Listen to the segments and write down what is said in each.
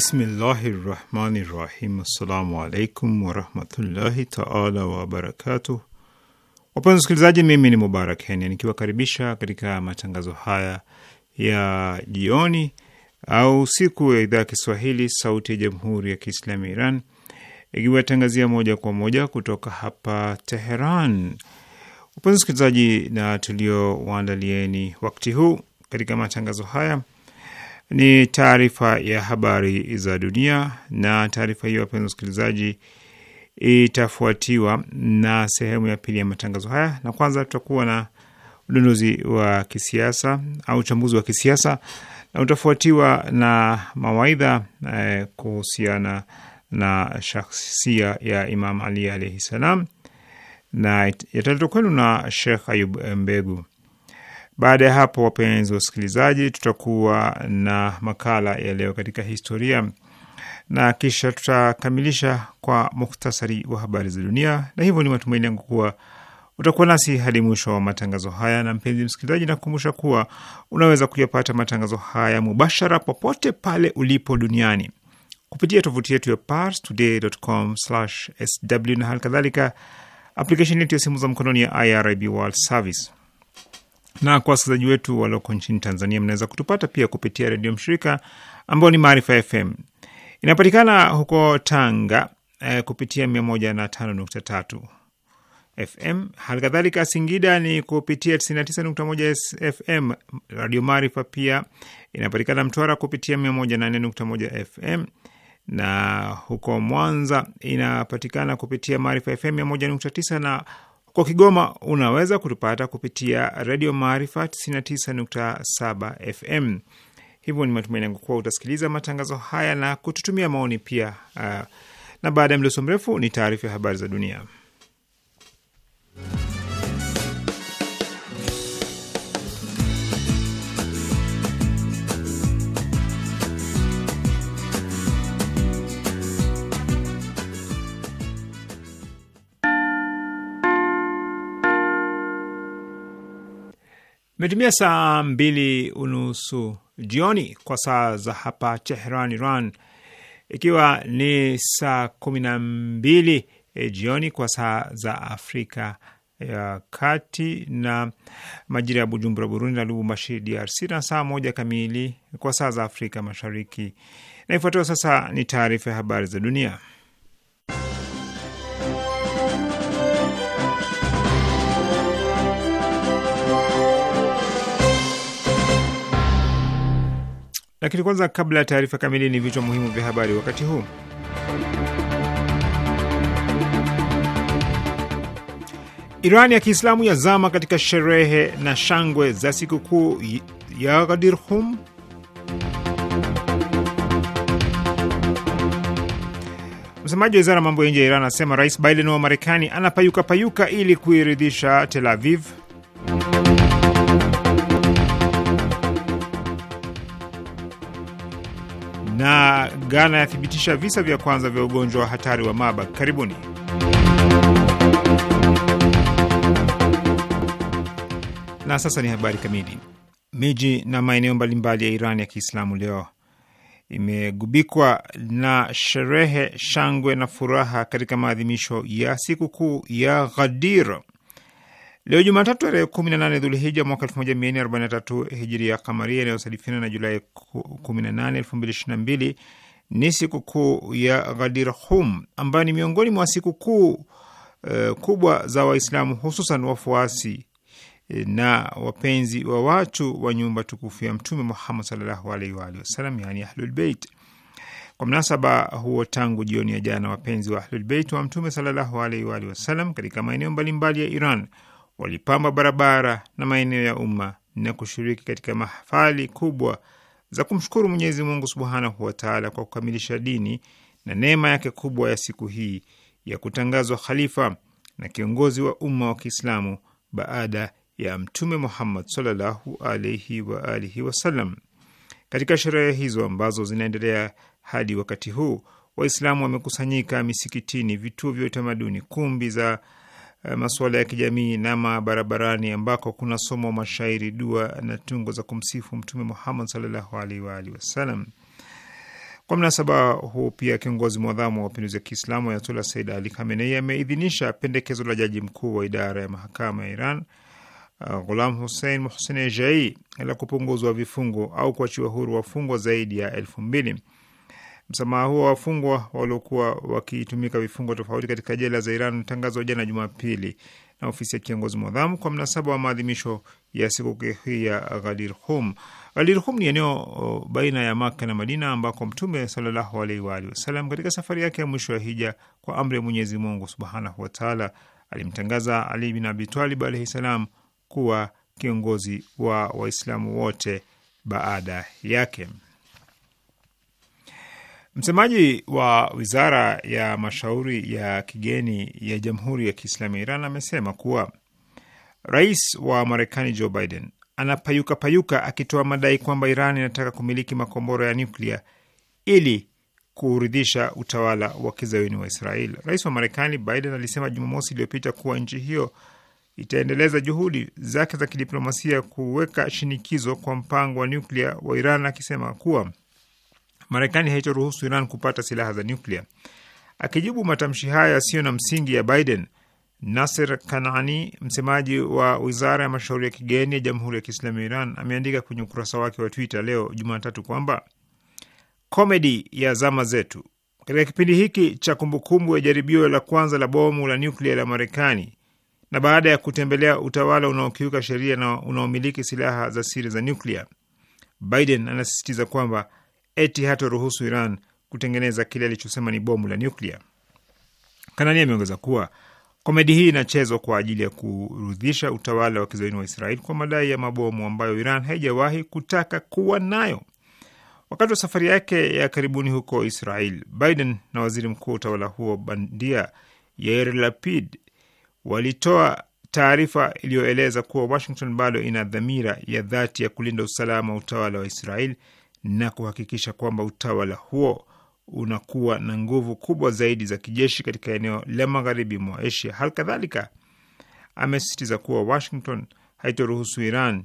Bismillahi rahmani rahim. Assalamu alaikum warahmatullahi taala wabarakatuh. Wapenzi wasikilizaji, mimi ni Mubarak Kenya nikiwakaribisha katika matangazo haya ya jioni au siku ya idhaa ya Kiswahili sauti ya jamhuri ya Kiislamu ya Iran ikiwatangazia moja kwa moja kutoka hapa Teheran. Wapenzi wasikilizaji, na waandalieni wakati huu katika matangazo haya ni taarifa ya habari za dunia, na taarifa hiyo, wapenzi wasikilizaji, itafuatiwa na sehemu ya pili ya matangazo haya, na kwanza tutakuwa na udondozi wa kisiasa au uchambuzi wa kisiasa na utafuatiwa na mawaidha eh, kuhusiana na shakhsia ya Imam Ali alaihi salam, na yataletwa kwenu na Shekh Ayub Mbegu. Baada ya hapo, wapenzi wasikilizaji, tutakuwa na makala ya leo katika historia na kisha tutakamilisha kwa muktasari wa habari za dunia, na hivyo ni matumaini yangu kuwa utakuwa nasi hadi mwisho wa matangazo haya. Na mpenzi msikilizaji, nakukumbusha kuwa unaweza kuyapata matangazo haya mubashara popote pale ulipo duniani kupitia tovuti yetu ya parstoday.com/sw na hali kadhalika aplikesheni yetu ya simu za mkononi ya IRIB World Service. Na kwa wasikilizaji wetu walioko nchini Tanzania, mnaweza kutupata pia kupitia redio mshirika ambao ni Maarifa FM, inapatikana huko Tanga eh, kupitia mia FM. Hali kadhalika Singida ni kupitia 99.1 FM. Radio Maarifa pia inapatikana Mtwara kupitia 104.1 FM, na huko Mwanza inapatikana kupitia Maarifa FM 101.9 na kwa Kigoma unaweza kutupata kupitia Redio Maarifa 99.7 FM. Hivyo ni matumaini yangu kuwa utasikiliza matangazo haya na kututumia maoni pia. Uh, na baada ya mdoso mrefu ni taarifa ya habari za dunia. Imetimia saa mbili unusu jioni kwa saa za hapa Tehran, Iran, ikiwa ni saa kumi na mbili e, jioni kwa saa za Afrika ya Kati na majira ya Bujumbura, Burundi na Lubumbashi, DRC, na saa moja kamili kwa saa za Afrika Mashariki. Na ifuatayo sasa ni taarifa ya habari za dunia. Lakini kwanza, kabla ya taarifa kamili, ni vichwa muhimu vya habari wakati huu. Iran ya Kiislamu yazama katika sherehe na shangwe za sikukuu ya Ghadirhum. Msemaji wa wizara ya mambo ya nje ya Iran anasema Rais Biden wa Marekani anapayuka payuka ili kuiridhisha Tel Aviv. na Ghana yathibitisha visa vya kwanza vya ugonjwa wa hatari wa maba Karibuni. Na sasa ni habari kamili. Miji na maeneo mbalimbali ya Iran ya Kiislamu leo imegubikwa na sherehe, shangwe na furaha katika maadhimisho ya sikukuu ya Ghadir. Leo Jumatatu tarehe 18 Dhulhija mwaka 1443 hijiria kamaria inayosadifiana na Julai na mbili ni sikukuu ya Ghadir Hum ambayo ni miongoni mwa sikukuu e, kubwa za Waislamu, hususan wafuasi e, na wapenzi wa watu wa nyumba tukufu ya Mtume Muhammad sallallahu alaihi wa alihi wasallam, yani Ahlulbeit. Kwa mnasaba huo, tangu jioni ya jana, wapenzi wa Ahlulbeit wa Mtume sallallahu alaihi wa alihi wasallam katika maeneo mbalimbali ya Iran walipamba barabara na maeneo ya umma na kushiriki katika mahafali kubwa za kumshukuru Mwenyezi Mungu subhanahu wataala kwa kukamilisha dini na neema yake kubwa ya siku hii ya kutangazwa khalifa na kiongozi wa umma wa Kiislamu baada ya Mtume Muhammad sallallahu alaihi wa alihi wasallam. Katika sherehe hizo ambazo zinaendelea hadi wakati huu, Waislamu wamekusanyika misikitini, vituo vya utamaduni, kumbi za Eh, masuala ya kijamii na mabarabarani, ambako kuna somo mashairi, dua na tungo za kumsifu Mtume Muhammad sallallahu alaihi wa alihi wasallam. Kwa mnasaba huu pia kiongozi mwadhamu wa mapinduzi ya Kiislamu Ayatullah Said Ali Khamenei ameidhinisha pendekezo la jaji mkuu wa idara ya mahakama ya Iran uh, Ghulam Hussein Mohsen Ejai la kupunguzwa vifungo au kuachiwa huru wafungwa zaidi ya elfu mbili. Msamaha huo wafungwa waliokuwa wakitumika vifungo tofauti katika jela za Iran ulitangazwa jana Jumapili na ofisi ya kiongozi mwadhamu kwa mnasaba wa maadhimisho ya sikukuu hii ya Ghadir Hum. Ghadir Hum ni eneo baina ya Maka na Madina ambako Mtume sallallahu alaihi wa alihi wasallam katika safari yake ya mwisho ya hija kwa amri ya Mwenyezi Mungu subhanahu wataala alimtangaza Ali bin Abi Talib alaihi salam kuwa kiongozi wa Waislamu wote baada yake. Msemaji wa wizara ya mashauri ya kigeni ya Jamhuri ya Kiislamu ya Iran amesema kuwa rais wa Marekani Joe Biden anapayuka payuka akitoa madai kwamba Iran inataka kumiliki makombora ya nyuklia ili kuuridhisha utawala wa kizayuni wa israel Rais wa Marekani Biden alisema Jumamosi iliyopita kuwa nchi hiyo itaendeleza juhudi zake za kidiplomasia kuweka shinikizo kwa mpango wa nyuklia wa Iran, akisema kuwa Marekani haitoruhusu Iran kupata silaha za nyuklia. Akijibu matamshi hayo yasiyo na msingi ya Biden, Nasser Kanani, msemaji wa wizara ya mashauri ya kigeni ya Jamhuri ya Kiislamu ya Iran, ameandika kwenye ukurasa wake wa Twitter leo Jumatatu kwamba komedi ya zama zetu katika kipindi hiki cha kumbukumbu ya jaribio la kwanza la bomu la nyuklia la Marekani na baada ya kutembelea utawala unaokiuka sheria na unaomiliki silaha za siri za nyuklia, Biden anasisitiza kwamba eti hatoruhusu Iran kutengeneza kile alichosema ni bomu la nyuklia. Kanani ameongeza kuwa komedi hii inachezwa kwa ajili ya kurudhisha utawala wa kizayuni wa Israel kwa madai ya mabomu ambayo Iran haijawahi kutaka kuwa nayo. Wakati wa safari yake ya karibuni huko Israel, Biden na waziri mkuu wa utawala huo bandia Yair Lapid walitoa taarifa iliyoeleza kuwa Washington bado ina dhamira ya dhati ya kulinda usalama wa utawala wa Israel na kuhakikisha kwamba utawala huo unakuwa na nguvu kubwa zaidi za kijeshi katika eneo la magharibi mwa Asia. Hali kadhalika amesisitiza kuwa Washington haitoruhusu Iran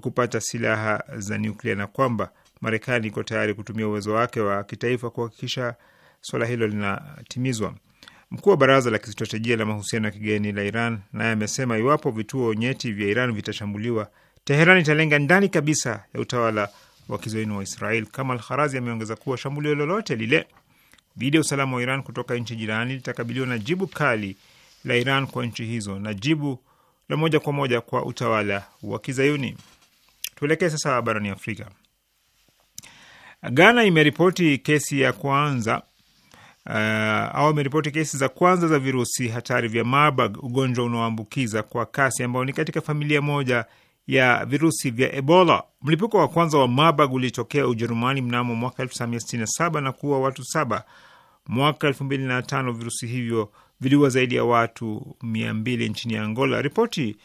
kupata silaha za nyuklia na kwamba Marekani iko tayari kutumia uwezo wake wa kitaifa kuhakikisha swala hilo linatimizwa. Mkuu wa baraza la kistratejia la mahusiano ya kigeni la Iran naye amesema iwapo vituo nyeti vya Iran vitashambuliwa, Teheran italenga ndani kabisa ya utawala wa kizayuni wa Israel. Kamal Kharazi ameongeza kuwa shambulio lolote lile dhidi ya usalama wa Iran kutoka nchi jirani litakabiliwa na jibu kali la Iran kwa nchi hizo na jibu la moja kwa moja kwa utawala wa kizayuni. Tuelekee sasa barani Afrika. Ghana imeripoti kesi ya kwanza uh, au imeripoti kesi za kwanza za virusi hatari vya Marburg, ugonjwa unaoambukiza kwa kasi ambao ni katika familia moja ya virusi vya Ebola. Mlipuko wa kwanza wa Marburg ulitokea Ujerumani mnamo mwaka 1967 na kuua watu saba. Mwaka 2005 virusi hivyo viliua zaidi ya watu 200 nchini Angola. Ripoti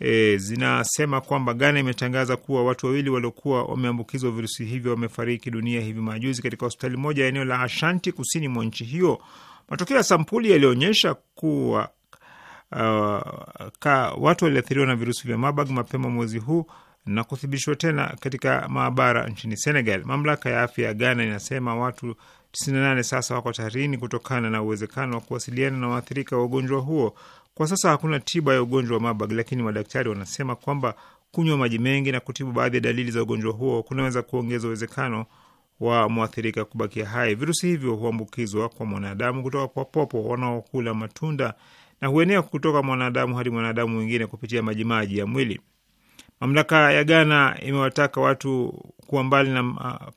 e, zinasema kwamba Ghana imetangaza kuwa watu wawili waliokuwa wameambukizwa virusi hivyo wamefariki dunia hivi majuzi katika hospitali moja ya eneo la Ashanti kusini mwa nchi hiyo. Matokeo ya sampuli yalionyesha kuwa uh, ka watu waliathiriwa na virusi vya Marburg mapema mwezi huu na kuthibitishwa tena katika maabara nchini Senegal. Mamlaka ya afya ya Ghana inasema watu 98 sasa wako hatarini kutokana na uwezekano wa kuwasiliana na waathirika wa ugonjwa huo. Kwa sasa hakuna tiba ya ugonjwa wa Marburg, lakini madaktari wanasema kwamba kunywa maji mengi na kutibu baadhi ya dalili za ugonjwa huo kunaweza kuongeza uwezekano wa mwathirika kubakia hai. Virusi hivyo huambukizwa kwa mwanadamu kutoka kwa popo wanaokula matunda na huenea kutoka mwanadamu hadi mwanadamu mwingine kupitia majimaji ya mwili. Mamlaka ya Ghana imewataka watu kuwa mbali na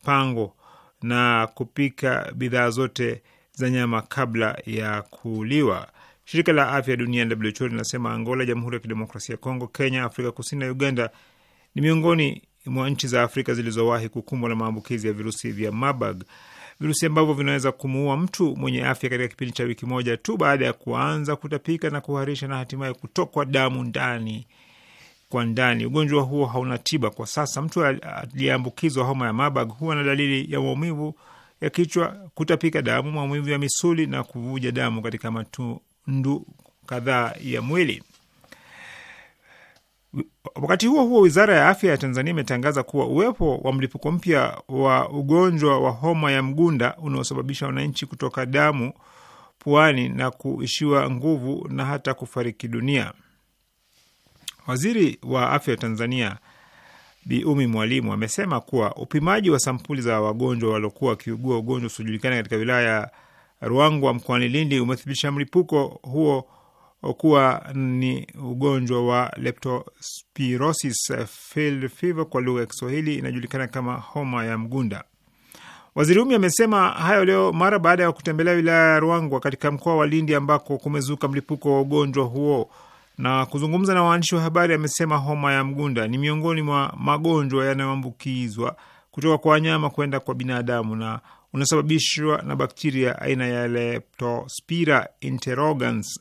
pango na kupika bidhaa zote za nyama kabla ya kuliwa. Shirika la afya duniani WHO linasema Angola, Jamhuri ya Kidemokrasia ya Kongo, Kenya, Afrika Kusini na Uganda ni miongoni mwa nchi za Afrika zilizowahi kukumbwa na maambukizi ya virusi vya Marburg virusi ambavyo vinaweza kumuua mtu mwenye afya katika kipindi cha wiki moja tu baada ya kuanza kutapika na kuharisha na hatimaye kutokwa damu ndani kwa ndani. Ugonjwa huo hauna tiba kwa sasa. Mtu aliyeambukizwa homa ya Marburg huwa na dalili ya maumivu ya kichwa, kutapika damu, maumivu ya misuli na kuvuja damu katika matundu kadhaa ya mwili. Wakati huo huo, wizara ya afya ya Tanzania imetangaza kuwa uwepo wa mlipuko mpya wa ugonjwa wa homa ya mgunda unaosababisha wananchi kutoka damu puani na kuishiwa nguvu na hata kufariki dunia. Waziri wa afya ya Tanzania Bi Umi Mwalimu amesema kuwa upimaji wa sampuli za wagonjwa waliokuwa wakiugua ugonjwa usiojulikana katika wilaya ya Ruangwa mkoani Lindi umethibitisha mlipuko huo kuwa ni ugonjwa wa leptospirosis field fever, kwa lugha ya Kiswahili inajulikana kama homa ya mgunda. Waziri Umi amesema hayo leo mara baada ya kutembelea wilaya ya Ruangwa katika mkoa wa Lindi ambako kumezuka mlipuko wa ugonjwa huo na kuzungumza na waandishi wa habari amesema homa ya mgunda ni miongoni mwa magonjwa yanayoambukizwa kutoka kwa wanyama kwenda kwa binadamu na unasababishwa na bakteria aina ya Leptospira interrogans.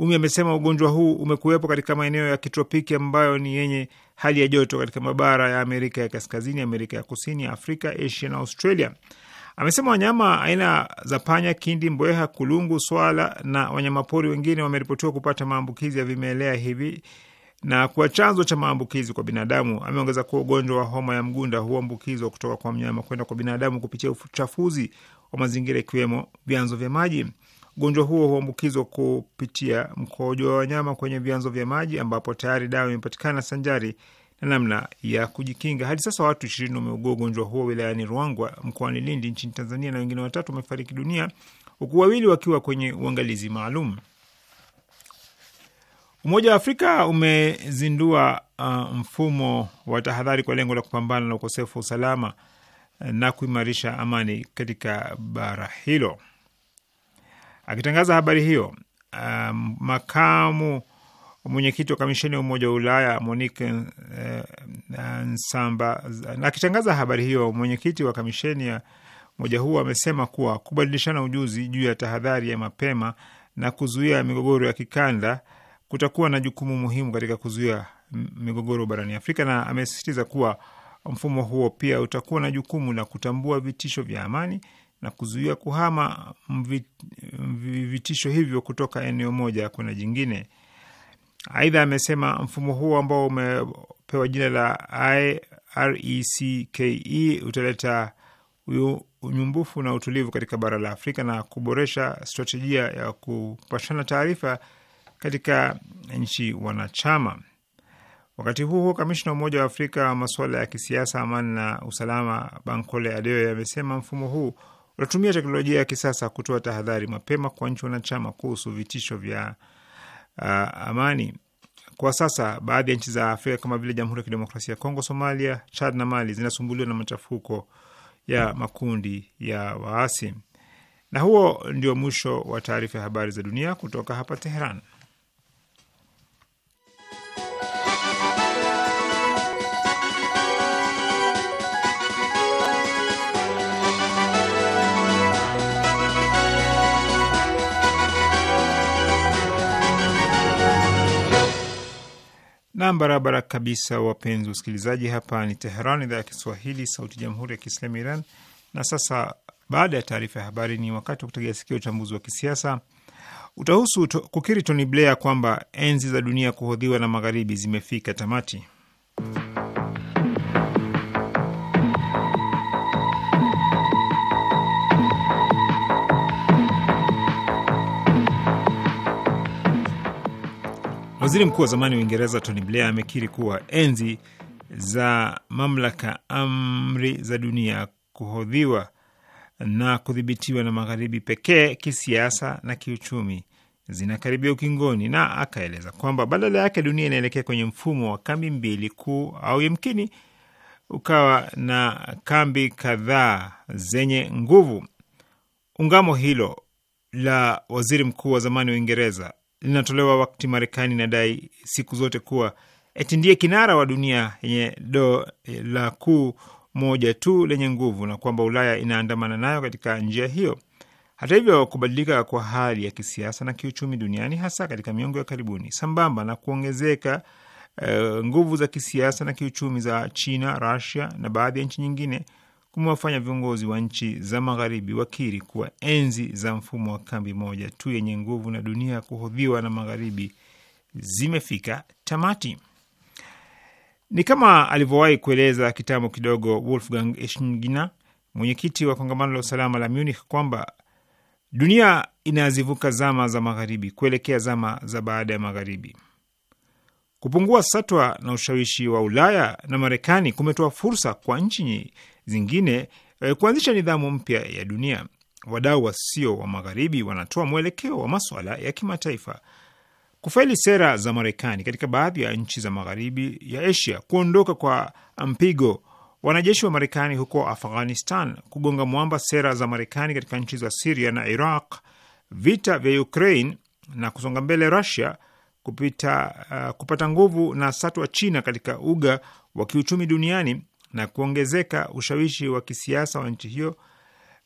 Umi amesema ugonjwa huu umekuwepo katika maeneo ya kitropiki ambayo ni yenye hali ya joto katika mabara ya Amerika ya Kaskazini, Amerika ya Kusini, Afrika, Asia na Australia. Amesema wanyama aina za panya, kindi, mbweha, kulungu, swala na wanyamapori wengine wameripotiwa kupata maambukizi ya vimelea hivi na kuwa chanzo cha maambukizi kwa binadamu. Ameongeza kuwa ugonjwa wa homa ya mgunda huambukizwa kutoka kwa mnyama kwenda kwa binadamu kupitia uchafuzi wa mazingira, ikiwemo vyanzo vya maji. Ugonjwa huo huambukizwa kupitia mkojo wa wanyama kwenye vyanzo vya maji ambapo tayari dawa imepatikana sanjari na namna ya kujikinga. Hadi sasa watu ishirini wameugua ugonjwa huo wilayani Ruangwa mkoani Lindi nchini Tanzania, na wengine watatu wamefariki dunia huku wawili wakiwa kwenye uangalizi maalum. Umoja wa Afrika umezindua uh, mfumo wa tahadhari kwa lengo la kupambana na ukosefu wa usalama uh, na kuimarisha amani katika bara hilo. Akitangaza habari hiyo, um, makamu mwenyekiti wa kamisheni ya Umoja wa Ulaya Monique uh, Nsamba. Akitangaza habari hiyo, mwenyekiti wa kamisheni ya umoja huo amesema kuwa kubadilishana ujuzi juu ya tahadhari ya mapema na kuzuia migogoro ya kikanda kutakuwa na jukumu muhimu katika kuzuia migogoro barani Afrika, na amesisitiza kuwa mfumo huo pia utakuwa na jukumu la kutambua vitisho vya amani na kuzuia kuhama vitisho hivyo kutoka eneo moja kwenda jingine. Aidha, amesema mfumo huo ambao umepewa jina la IRECKE e utaleta unyumbufu na utulivu katika bara la Afrika na kuboresha stratejia ya kupashana taarifa katika nchi wanachama. Wakati huo huo, kamishna Umoja wa Afrika wa masuala ya kisiasa, amani na usalama, Bankole Adeoye amesema mfumo huu unatumia teknolojia ya kisasa kutoa tahadhari mapema kwa nchi wanachama kuhusu vitisho vya uh, amani. Kwa sasa baadhi ya nchi za Afrika kama vile Jamhuri ya Kidemokrasia ya Kongo, Somalia, Chad na Mali zinasumbuliwa na machafuko ya makundi ya waasi. Na huo ndio mwisho wa taarifa ya habari za dunia kutoka hapa Teheran. Nam, barabara kabisa, wapenzi wasikilizaji, hapa ni Teheran, idhaa ya Kiswahili, sauti ya jamhuri ya kiislamu Iran. Na sasa baada ya taarifa ya habari, ni wakati wa kutegea sikio uchambuzi wa kisiasa. Utahusu kukiri Tony Blair kwamba enzi za dunia kuhodhiwa na magharibi zimefika tamati. Waziri mkuu wa zamani wa Uingereza Tony Blair amekiri kuwa enzi za mamlaka, amri za dunia kuhodhiwa na kudhibitiwa na magharibi pekee kisiasa na kiuchumi zinakaribia ukingoni, na akaeleza kwamba badala yake dunia inaelekea kwenye mfumo wa kambi mbili kuu, au yamkini ukawa na kambi kadhaa zenye nguvu. Ungamo hilo la waziri mkuu wa zamani wa Uingereza linatolewa wakati Marekani inadai siku zote kuwa eti ndiye kinara wa dunia yenye dola eh, kuu moja tu lenye nguvu na kwamba Ulaya inaandamana nayo katika njia hiyo. Hata hivyo, kubadilika kwa hali ya kisiasa na kiuchumi duniani, hasa katika miongo ya karibuni, sambamba na kuongezeka uh, nguvu za kisiasa na kiuchumi za China, Russia na baadhi ya nchi nyingine kumewafanya viongozi wa nchi za magharibi wakiri kuwa enzi za mfumo wa kambi moja tu yenye nguvu na dunia ya kuhodhiwa na magharibi zimefika tamati. Ni kama alivyowahi kueleza kitambo kidogo Wolfgang eshingina mwenyekiti wa kongamano la usalama la Munich, kwamba dunia inazivuka zama za magharibi kuelekea zama za baada ya magharibi. Kupungua satwa na ushawishi wa Ulaya na Marekani kumetoa fursa kwa nchi zingine e, kuanzisha nidhamu mpya ya dunia. Wadau wasio wa magharibi wanatoa mwelekeo wa maswala ya kimataifa. Kufeli sera za Marekani katika baadhi ya nchi za magharibi ya Asia, kuondoka kwa mpigo wanajeshi wa Marekani huko Afghanistan, kugonga mwamba sera za Marekani katika nchi za Siria na Iraq, vita vya Ukraine na kusonga mbele Rusia kupita, uh, kupata nguvu na satwa China katika uga wa kiuchumi duniani na kuongezeka ushawishi wa kisiasa wa nchi hiyo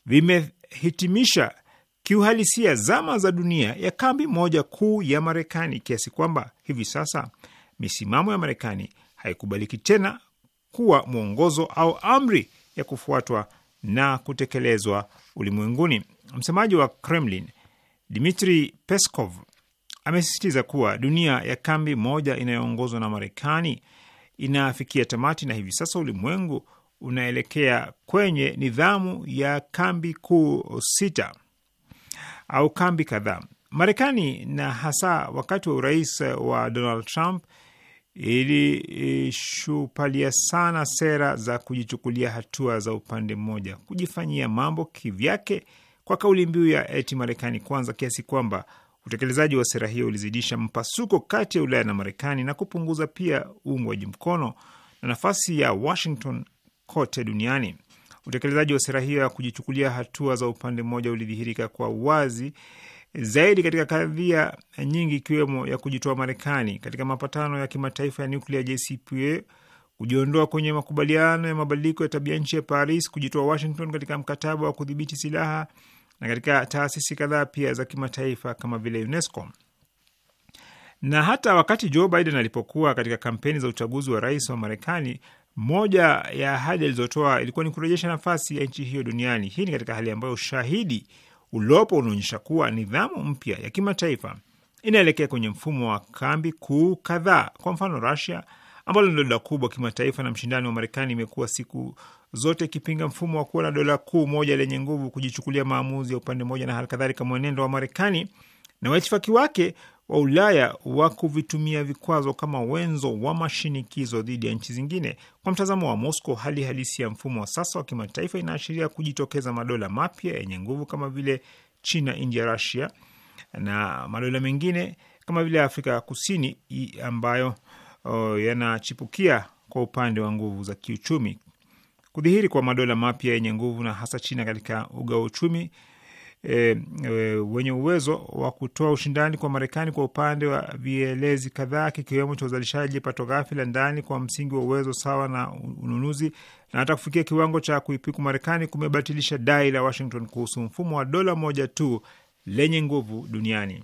vimehitimisha kiuhalisia zama za dunia ya kambi moja kuu ya Marekani kiasi kwamba hivi sasa misimamo ya Marekani haikubaliki tena kuwa mwongozo au amri ya kufuatwa na kutekelezwa ulimwenguni. Msemaji wa Kremlin Dmitri Peskov amesisitiza kuwa dunia ya kambi moja inayoongozwa na Marekani inafikia tamati na hivi sasa ulimwengu unaelekea kwenye nidhamu ya kambi kuu sita au kambi kadhaa. Marekani na hasa wakati wa urais wa Donald Trump ilishupalia sana sera za kujichukulia hatua za upande mmoja, kujifanyia mambo kivyake, kwa kauli mbiu ya eti Marekani kwanza, kiasi kwamba Utekelezaji wa sera hiyo ulizidisha mpasuko kati ya Ulaya na Marekani na kupunguza pia uungwaji mkono na nafasi ya Washington kote duniani. Utekelezaji wa sera hiyo ya kujichukulia hatua za upande mmoja ulidhihirika kwa wazi zaidi katika kadhia nyingi ikiwemo ya kujitoa Marekani katika mapatano ya kimataifa ya nuklia JCPOA, kujiondoa kwenye makubaliano ya mabadiliko ya tabia nchi ya Paris, kujitoa Washington katika mkataba wa kudhibiti silaha na katika taasisi kadhaa pia za kimataifa kama vile UNESCO. Na hata wakati Joe Biden alipokuwa katika kampeni za uchaguzi wa rais wa Marekani, moja ya ahadi alizotoa ilikuwa ni kurejesha nafasi ya nchi hiyo duniani. Hii ni katika hali ambayo ushahidi uliopo unaonyesha kuwa nidhamu mpya ya kimataifa inaelekea kwenye mfumo wa kambi kuu kadhaa. Kwa mfano, Rusia ambalo ni dola kubwa kimataifa na mshindani wa Marekani imekuwa siku zote ikipinga mfumo wa kuwa na dola kuu moja lenye nguvu kujichukulia maamuzi ya upande mmoja na halikadhalika mwenendo wa Marekani na waitifaki wake wa Ulaya wa kuvitumia vikwazo kama wenzo wa mashinikizo dhidi ya nchi zingine. Kwa mtazamo wa Moscow, hali halisi ya mfumo wa sasa wa kimataifa inaashiria kujitokeza madola mapya yenye nguvu kama vile China, India, Russia na madola mengine kama vile Afrika ya Kusini ambayo oh, yanachipukia kwa upande wa nguvu za kiuchumi. Kudhihiri kwa madola mapya yenye nguvu na hasa China katika uga wa uchumi e, e, wenye uwezo wa kutoa ushindani kwa Marekani kwa upande wa vielezi kadhaa kikiwemo cha uzalishaji pato ghafi la ndani kwa msingi wa uwezo sawa na ununuzi na hata kufikia kiwango cha kuipiku Marekani kumebatilisha dai la Washington kuhusu mfumo wa dola moja tu lenye nguvu duniani.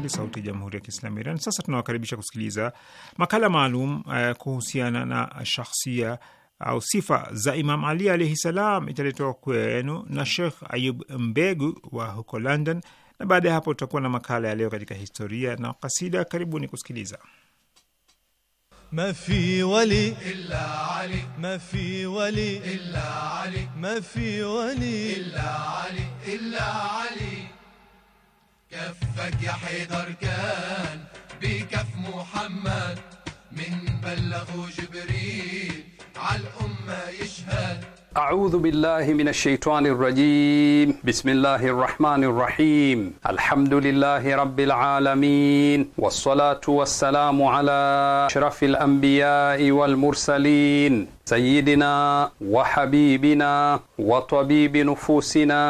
Kiswahili, Sauti ya Jamhuri ya Kiislamu Iran. Sasa tunawakaribisha kusikiliza makala maalum uh, kuhusiana na shahsia au sifa za Imam Ali alaihi salam, italetwa kwenu na Shekh Ayub Mbegu wa huko London, na baada ya hapo tutakuwa na makala ya leo katika historia na kasida. Karibuni kusikiliza. wali illa Ali كفك يا حيدر كان بكف محمد من بلغه جبريل على الأمة يشهد أعوذ بالله من الشيطان الرجيم بسم الله الرحمن الرحيم الحمد لله رب العالمين والصلاة والسلام على أشرف الأنبياء والمرسلين سيدنا وحبيبنا وطبيب نفوسنا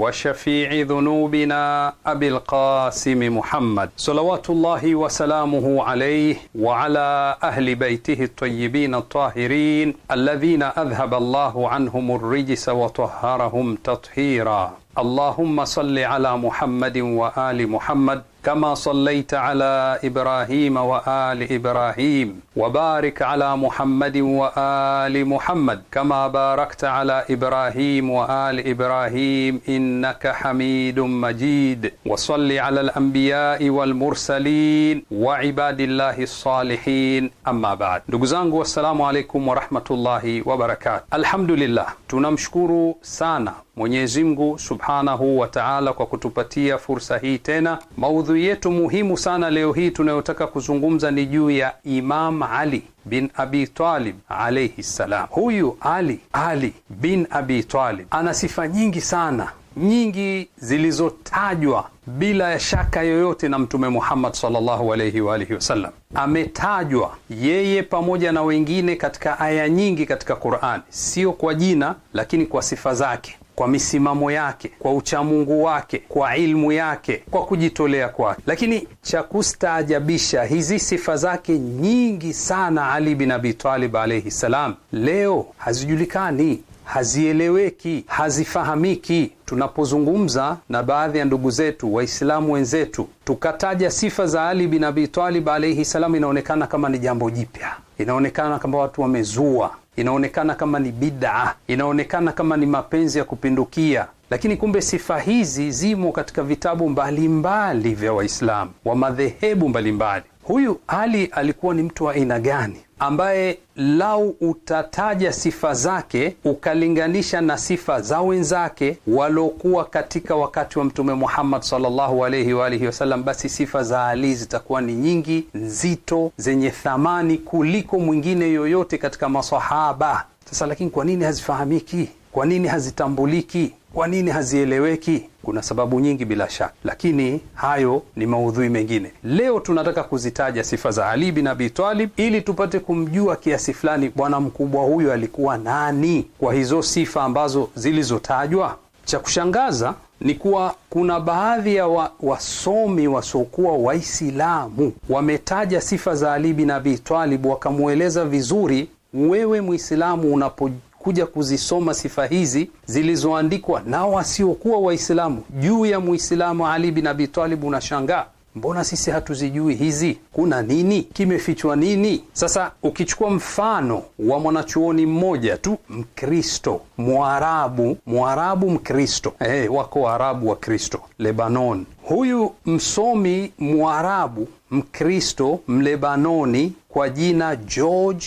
وشفيع ذنوبنا أبي القاسم محمد صلوات الله وسلامه عليه وعلى أهل بيته الطيبين الطاهرين الذين أذهب الله عنهم الرجس وطهرهم تطهيرا اللهم صل على محمد وآل محمد كما صليت على ابراهيم وال ابراهيم وبارك على محمد وال محمد كما باركت على ابراهيم وال ابراهيم انك حميد مجيد وصل على الانبياء والمرسلين وعباد الله الصالحين اما بعد دوغزangu والسلام عليكم ورحمه الله وبركاته الحمد لله تنمشكرو سانا Mwenyezi Mungu Subhanahu wa Ta'ala kwa kutupatia fursa hii tena. Maudhui yetu muhimu sana leo hii tunayotaka kuzungumza ni juu ya Imam Ali bin Abi Talib alayhi salam. Huyu Ali Ali bin Abi Talib ana sifa nyingi sana nyingi zilizotajwa bila ya shaka yoyote na Mtume Muhammad sallallahu alayhi wa alihi wasallam. Ametajwa yeye pamoja na wengine katika aya nyingi katika qurani sio kwa jina, lakini kwa sifa zake kwa misimamo yake, kwa uchamungu wake, kwa ilmu yake, kwa kujitolea kwake. Lakini cha kustaajabisha, hizi sifa zake nyingi sana Ali bin Abi Talib alaihi salam leo hazijulikani, hazieleweki, hazifahamiki. Tunapozungumza na baadhi ya ndugu zetu Waislamu wenzetu tukataja sifa za Ali bin Abi Talib alaihi salam, inaonekana kama ni jambo jipya, inaonekana kama watu wamezua inaonekana kama ni bid'a, inaonekana kama ni mapenzi ya kupindukia, lakini kumbe sifa hizi zimo katika vitabu mbalimbali vya Waislamu wa madhehebu mbalimbali. Huyu Ali alikuwa ni mtu wa aina gani? ambaye lau utataja sifa zake ukalinganisha na sifa za wenzake waliokuwa katika wakati wa Mtume Muhammad sallallahu wa alihi wasallam, basi sifa za Ali zitakuwa ni nyingi, nzito, zenye thamani kuliko mwingine yoyote katika masahaba. Sasa lakini kwa nini hazifahamiki? Kwa nini hazitambuliki? Kwa nini hazieleweki? Kuna sababu nyingi bila shaka, lakini hayo ni maudhui mengine. Leo tunataka kuzitaja sifa za Ali bin Abi Talib ili tupate kumjua kiasi fulani bwana mkubwa huyo alikuwa nani kwa hizo sifa ambazo zilizotajwa. Cha kushangaza ni kuwa kuna baadhi ya wasomi wasiokuwa Waislamu wametaja sifa za Ali bin Abi Talib wakamweleza vizuri. Wewe Mwislamu unapo kuja kuzisoma sifa hizi zilizoandikwa na wasiokuwa Waislamu juu ya Muislamu Ali bin Abi Talib, unashangaa mbona sisi hatuzijui hizi? Kuna nini? Kimefichwa nini? Sasa ukichukua mfano wa mwanachuoni mmoja tu, Mkristo Mwarabu, Mwarabu Mkristo, hey, eh, wako Waarabu wa Kristo Lebanon. Huyu msomi Mwarabu Mkristo Mlebanoni kwa jina George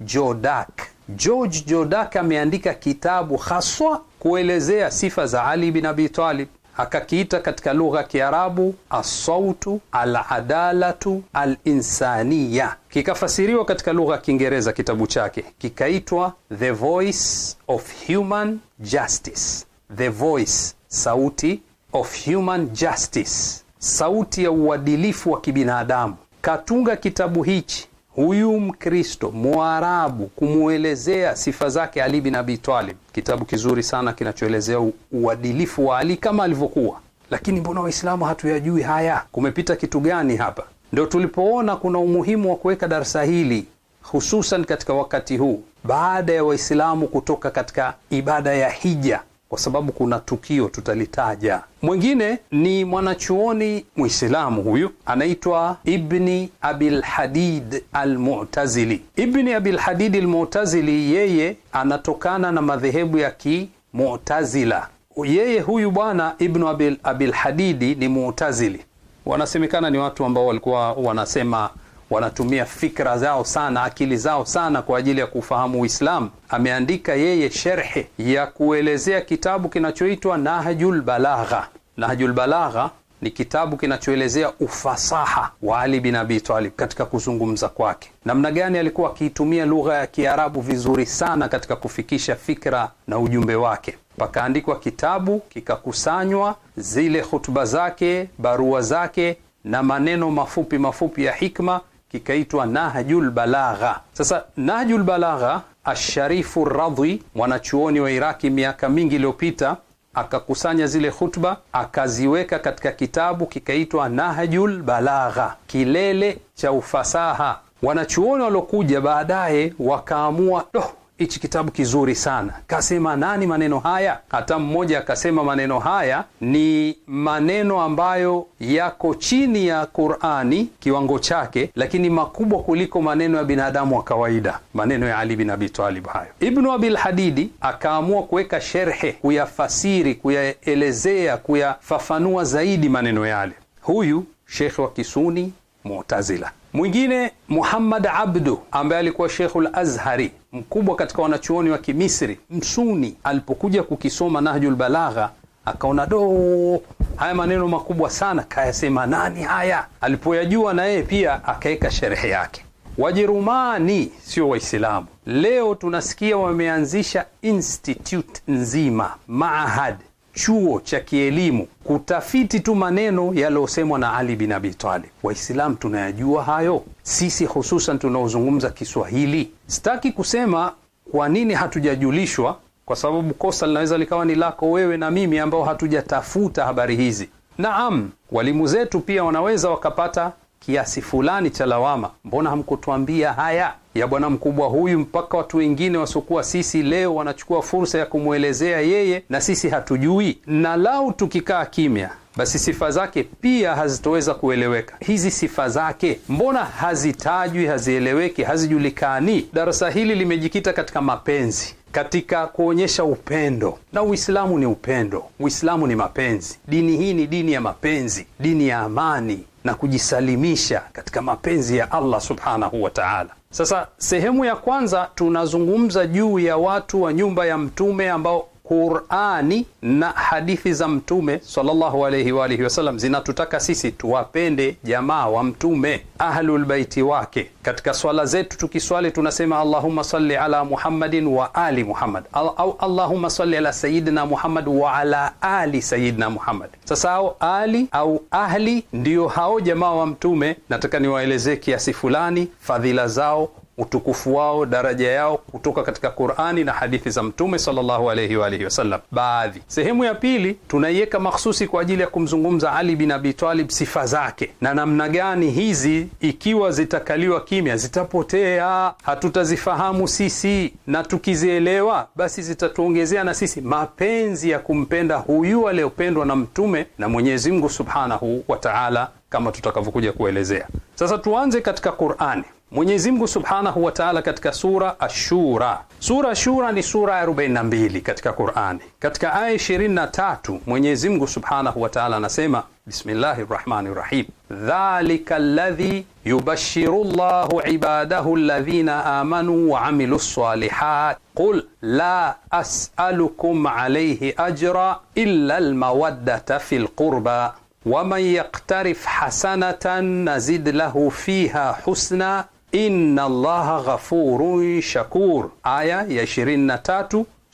Jodak George Jordak ameandika kitabu haswa kuelezea sifa za Ali bin Abi Talib akakiita katika lugha ya Kiarabu asautu aladalatu alinsaniya, kikafasiriwa katika lugha ya Kiingereza kitabu chake kikaitwa The Voice of Human Justice, The Voice, sauti of Human Justice, sauti ya uadilifu wa kibinadamu. Katunga kitabu hichi huyu Mkristo Mwarabu kumwelezea sifa zake Ali bin Abi Talib. Kitabu kizuri sana kinachoelezea uadilifu wa Ali kama alivyokuwa, lakini mbona Waislamu hatuyajui haya? Kumepita kitu gani hapa? Ndio tulipoona kuna umuhimu wa kuweka darsa hili hususan katika wakati huu baada ya Waislamu kutoka katika ibada ya hija kwa sababu kuna tukio tutalitaja. Mwingine ni mwanachuoni Muislamu, huyu anaitwa Ibni Abilhadid Almutazili. Ibni Abilhadid Almutazili yeye anatokana na madhehebu ya Kimutazila. Yeye huyu bwana Ibnu Abil, Abilhadidi ni Mutazili, wanasemekana ni watu ambao walikuwa wanasema wanatumia fikra zao sana, akili zao sana kwa ajili ya kuufahamu Uislamu. Ameandika yeye sherhe ya kuelezea kitabu kinachoitwa Nahjul Balagha. Nahjul Balagha ni kitabu kinachoelezea ufasaha wa Ali bin Abi Talib katika kuzungumza kwake, namna gani alikuwa akiitumia lugha ya Kiarabu vizuri sana katika kufikisha fikra na ujumbe wake. Pakaandikwa kitabu kikakusanywa zile hutuba zake, barua zake na maneno mafupi mafupi ya hikma kikaitwa Nahjul Balagha. Sasa Nahjul Balagha, Asharifu Radhi, mwanachuoni wa Iraki, miaka mingi iliyopita akakusanya zile hutba akaziweka katika kitabu kikaitwa Nahjul Balagha, kilele cha ufasaha. Wanachuoni waliokuja baadaye wakaamua doh hichi kitabu kizuri sana. Kasema nani maneno haya? Hata mmoja akasema maneno haya ni maneno ambayo yako chini ya Qur'ani kiwango chake, lakini makubwa kuliko maneno ya binadamu wa kawaida, maneno ya Ali bin Abi Talib hayo. Ibnu Abil Hadidi akaamua kuweka sherhe, kuyafasiri, kuyaelezea, kuyafafanua zaidi maneno yale. Huyu shekhe wa Kisuni Mu'tazila Mwingine Muhammad Abdu ambaye alikuwa Sheikhul Azhari mkubwa katika wanachuoni wa Kimisri Msuni, alipokuja kukisoma Nahjul Balagha akaona do, haya maneno makubwa sana, kayasema nani haya? Alipoyajua na yeye pia akaweka sherehe yake. Wajerumani sio Waislamu, leo tunasikia wameanzisha institute nzima, maahad chuo cha kielimu kutafiti tu maneno yaliyosemwa na Ali bin Abi Talib. Waislamu tunayajua hayo sisi, hususan tunaozungumza Kiswahili. Sitaki kusema kwa nini hatujajulishwa, kwa sababu kosa linaweza likawa ni lako wewe na mimi, ambao hatujatafuta habari hizi. Naam, walimu zetu pia wanaweza wakapata kiasi fulani cha lawama, mbona hamkutuambia haya? ya bwana mkubwa huyu, mpaka watu wengine wasiokuwa sisi leo wanachukua fursa ya kumwelezea yeye na sisi hatujui, na lau tukikaa kimya basi sifa zake pia hazitoweza kueleweka. Hizi sifa zake mbona hazitajwi, hazieleweki, hazijulikani? Darasa hili limejikita katika mapenzi, katika kuonyesha upendo, na Uislamu ni upendo, Uislamu ni mapenzi. Dini hii ni dini ya mapenzi, dini ya amani na kujisalimisha katika mapenzi ya Allah subhanahu wa ta'ala. Sasa sehemu ya kwanza tunazungumza juu ya watu wa nyumba ya mtume ambao Qurani na hadithi za Mtume sallallahu alayhi wa alihi wasallam zinatutaka sisi tuwapende jamaa wa Mtume, ahlulbaiti wake. Katika swala zetu tukiswali tunasema Allahumma salli ala Muhammadin wa ali Muhammad au Allahumma salli ala sayidina Muhammad wa ala ali sayidina Muhammad. Sasa au ali au ahli, ndiyo hao jamaa wa Mtume. Nataka niwaelezee kiasi fulani fadhila zao utukufu wao, daraja yao kutoka katika Qur'ani na hadithi za Mtume sallallahu alayhi wa alihi wasallam. Baadhi sehemu ya pili tunaiweka mahsusi kwa ajili ya kumzungumza Ali bin Abi Talib, sifa zake na namna gani hizi, ikiwa zitakaliwa kimya, zitapotea, hatutazifahamu sisi, na tukizielewa basi zitatuongezea na sisi mapenzi ya kumpenda huyu aliyopendwa na Mtume na Mwenyezi Mungu subhanahu wa ta'ala kama tutakavyokuja kuelezea. Sasa tuanze katika Qur'ani. Mwenyezi Mungu Subhanahu wa Ta'ala katika sura Ashura. Sura Ashura ni sura ya 42 katika Qur'ani. Katika aya 23 Mwenyezi Mungu Subhanahu wa Ta'ala anasema Bismillahir Rahmanir Rahim. Dhalika alladhi yubashiru Allahu ibadahu ladhina amanu waamilu lsalihat Qul la as'alukum alaihi ajra illa lmawaddata fi lqurba ومن يقترف حسنة نزد له فيها حسنا إن الله غفور شكور آية ya ishirini